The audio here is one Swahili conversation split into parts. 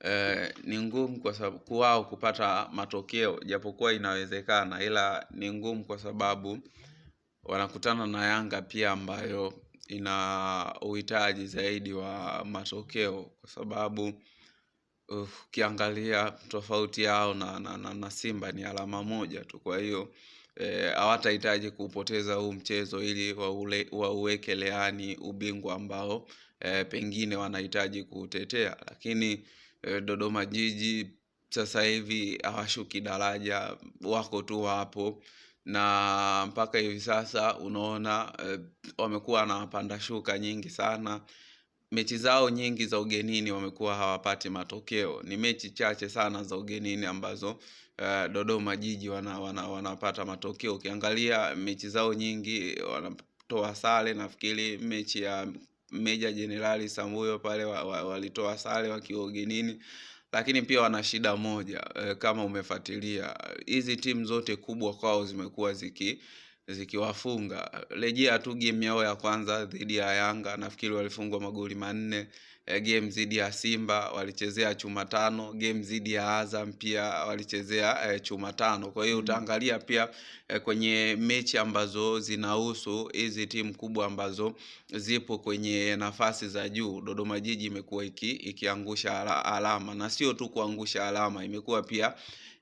eh, ni ngumu kwa sababu wao kupata matokeo, japokuwa inawezekana, ila ni ngumu kwa sababu wanakutana na Yanga pia ambayo ina uhitaji zaidi wa matokeo kwa sababu ukiangalia tofauti yao na, na, na, na Simba ni alama moja tu. Kwa hiyo eh, hawatahitaji e, kupoteza huu mchezo ili wauweke leani ubingwa ambao e, pengine wanahitaji kuutetea, lakini e, Dodoma Jiji sasa hivi hawashuki daraja, wako tu hapo na mpaka hivi sasa unaona e, wamekuwa na wapanda shuka nyingi sana. Mechi zao nyingi za ugenini wamekuwa hawapati matokeo. Ni mechi chache sana za ugenini ambazo e, Dodoma Jiji wana, wana, wanapata matokeo. Ukiangalia mechi zao nyingi wanatoa sare, nafikiri mechi ya Meja Jenerali samuyo pale walitoa wa, wa sare wakiwa ugenini, lakini pia wana shida moja e, kama umefuatilia hizi timu zote kubwa kwao zimekuwa ziki zikiwafunga. Rejea tu game yao ya kwanza dhidi ya Yanga, nafikiri walifungwa magoli manne. Eh, game dhidi ya Simba walichezea chuma tano, game dhidi ya Azam pia walichezea e, chuma tano. Kwa hiyo mm. utaangalia pia e, kwenye mechi ambazo zinahusu hizi timu kubwa ambazo zipo kwenye nafasi za juu, Dodoma Jiji imekuwa iki, ikiangusha alama na sio tu kuangusha alama, imekuwa pia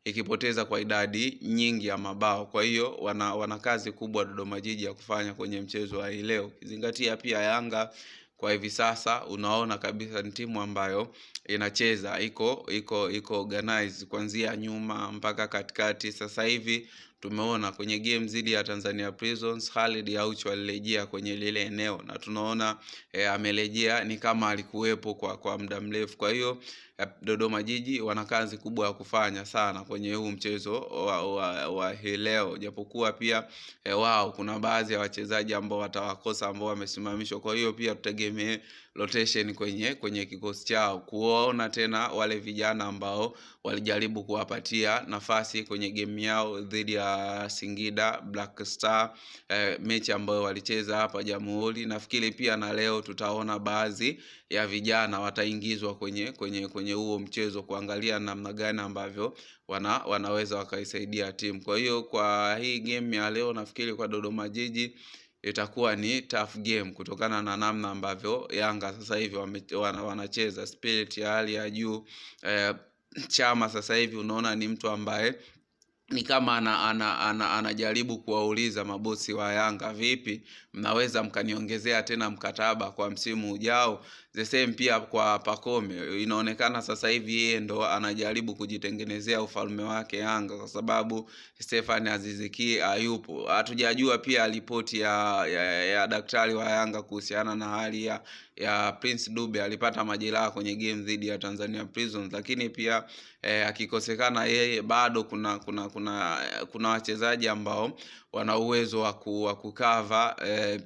ikipoteza kwa idadi nyingi ya mabao. Kwa hiyo wana, wana kazi kubwa Dodoma Jiji ya kufanya kwenye mchezo wa hii leo, ukizingatia pia Yanga kwa hivi sasa unaona kabisa ni timu ambayo inacheza iko iko iko organized kuanzia nyuma mpaka katikati. Sasa hivi tumeona kwenye game dhidi ya Tanzania Prisons Khalid Aucho alirejea kwenye lile eneo na tunaona e, eh, amerejea ni kama alikuwepo kwa, kwa muda mrefu. Kwa hiyo eh, Dodoma Jiji wana kazi kubwa ya kufanya sana kwenye huu mchezo wa, wa, wa hii leo, japokuwa pia e, wao kuna baadhi ya wachezaji ambao watawakosa ambao wamesimamishwa. Kwa hiyo pia tutegemee rotation kwenye kwenye kikosi chao, kuona tena wale vijana ambao walijaribu kuwapatia nafasi kwenye game yao dhidi ya Singida Black Star eh, mechi ambayo walicheza hapa Jamhuri. Nafikiri pia na leo tutaona baadhi ya vijana wataingizwa kwenye kwenye kwenye huo mchezo kuangalia namna gani ambavyo wana, wanaweza wakaisaidia timu. Kwa hiyo kwa hii game ya leo nafikiri kwa Dodoma Jiji itakuwa ni tough game kutokana na namna ambavyo Yanga sasa hivi wanacheza, spirit ya hali ya juu eh, Chama sasa hivi unaona ni mtu ambaye ni kama ana, ana, ana, anajaribu kuwauliza mabosi wa Yanga, vipi mnaweza mkaniongezea tena mkataba kwa msimu ujao? The same pia kwa Pakome, Inaonekana sasa hivi yeye ndo anajaribu kujitengenezea ufalme wake Yanga, kwa sababu Stefan Aziziki hayupo. Hatujajua pia ripoti ya, ya, ya daktari wa Yanga kuhusiana na hali ya, ya Prince Dube, alipata majeraha kwenye game dhidi ya Tanzania Prisons, lakini pia eh, akikosekana yeye bado kuna, kuna, kuna kuna kuna wachezaji ambao wana uwezo wa kukava eh,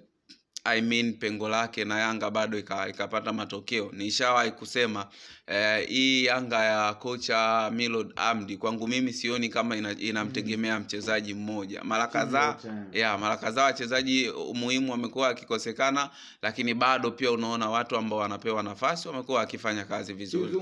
I mean pengo lake na Yanga bado ikapata ika matokeo. Nishawahi kusema eh, hii Yanga ya kocha Milod Amdi kwangu mimi sioni kama inamtegemea ina mm-hmm. mchezaji mmoja. Mara kadhaa ya mara kadhaa wachezaji muhimu wamekuwa wakikosekana, lakini bado pia unaona watu ambao wanapewa nafasi wamekuwa wakifanya kazi vizuri.